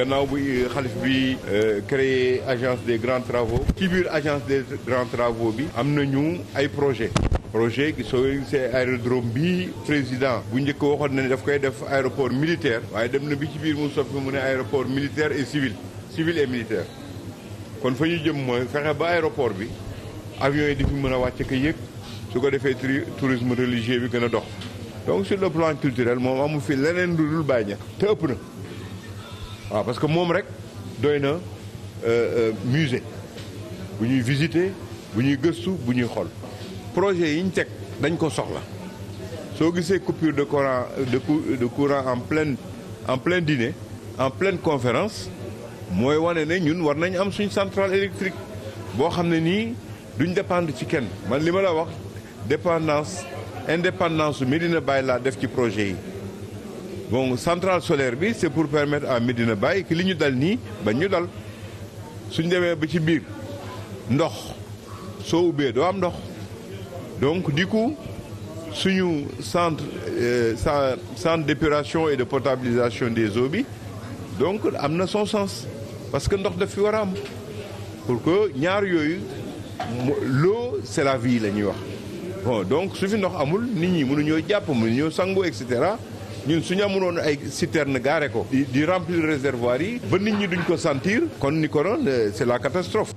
gannaaw bi xalif bi euh, créé agence des grands travaux ci biir agence des grands travaux bi am na ñu ay projet projet gi soo gisee aérodrome bi président bu njëkk waxoon na ne daf koy def aéroport militaire waaye dem na bi ci biir mu soppi mu ne aéroport militaire et civil civil et militaire kon fa ñu jëm mooy fexe ba aéroport bi avion yi di fi mën a wàcc ko yëg su ko defee tri tourisme religieux bi gën a dox donc sur le plan culturel moom amu fi leneen lu dul waaw parce que moom rek doy na euh, euh, musée bu ñuy visiter bu ñuy gëstu bu ñuy xool projet yi ñu teg dañ ko soxla soo gisee coupure de courant de courant en pleine en plein dîner en pleine conférence mooy wane ne ñun war nañ am suñ centrale électrique boo xam ne nii duñ dépendre ci kenn man li ma la wax dépendance indépendance su Medina Baye laa def ci projet yi bon centrale solaire bi c'est pour permettre à Medina Baye que li ñu dal nii bañ ñu dal suñ demee ba ci biir ndox soo ubbee doo am ndox donc di ko suñu centre euh, centre d'épuration et de portabilisation des eaux bi donc am na son sens parce que ndox daf fi war a am pour que ñaar yooyu l'eau c'est la vie la ñuy wax bon donc su fi ndox amul nit ñi mënuñoo jàpp mënuñoo sangu et cetera ñun suñu amuloon ay citerne gaare ko di remplir réservoir yi ba nit ñi duñ ko sentir kon ni ko noon c'est la catastrophe